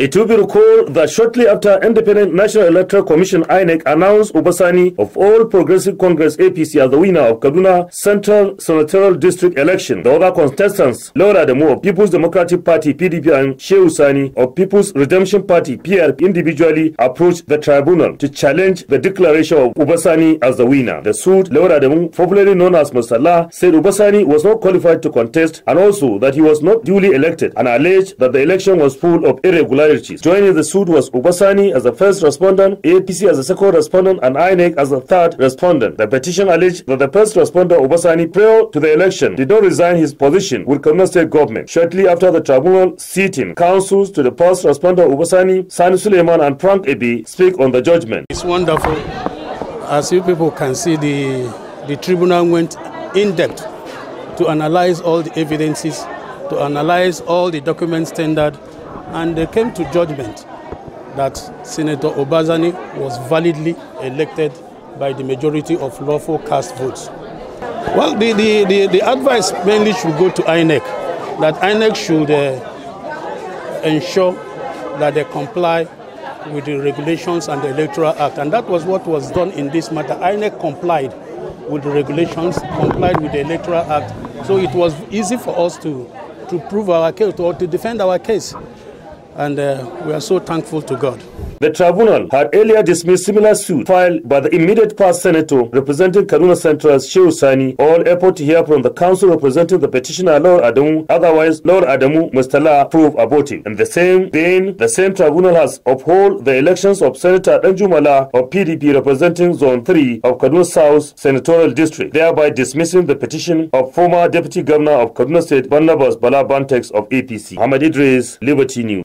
It will be recalled that shortly after Independent National Electoral Commission INEC announced Obasani of All Progressive Congress APC as the winner of Kaduna Central Senatorial District election. The other contestants, Laura Demo of People's Democratic Party PDP and Shehu Sani of People's Redemption Party PRP individually approached the tribunal to challenge the declaration of Obasani as the winner. The suit, Laura Demo, popularly known as Musala, said Obasani was not qualified to contest and also that he was not duly elected and alleged that the election was full of irregularities Joining the suit was Ubasani as the first respondent, APC as the second respondent, and INEC as the third respondent. The petition alleged that the first responder, Ubasani, prior to the election, did not resign his position with Kaduna State Government. Shortly after the tribunal sitting, counsels to the first responder, Ubasani, Sani Suleiman, and Frank Ebi speak on the judgment. It's wonderful. As you people can see, the, the tribunal went in depth to analyze all the evidences, to analyze all the documents tendered and they came to judgment that Senator Obazani was validly elected by the majority of lawful cast votes. Well, the, the, the, the advice mainly should go to INEC, that INEC should uh, ensure that they comply with the regulations and the Electoral Act. And that was what was done in this matter. INEC complied with the regulations, complied with the Electoral Act. So it was easy for us to, to prove our case or to defend our case and uh, we are so thankful to God. The tribunal had earlier dismissed similar suit filed by the immediate past senator representing Kaduna Central's Shehu Sani, all effort to hear from the council representing the petitioner Lord Adamu, otherwise Lord Adamu must allow proof abortive. And the same vein, the same tribunal has upheld the elections of Senator Enjumala of PDP representing Zone 3 of Kaduna South Senatorial District, thereby dismissing the petition of former Deputy Governor of Kaduna State, Barnabas Bala Bantex of APC. Ahmed Idris, Liberty News.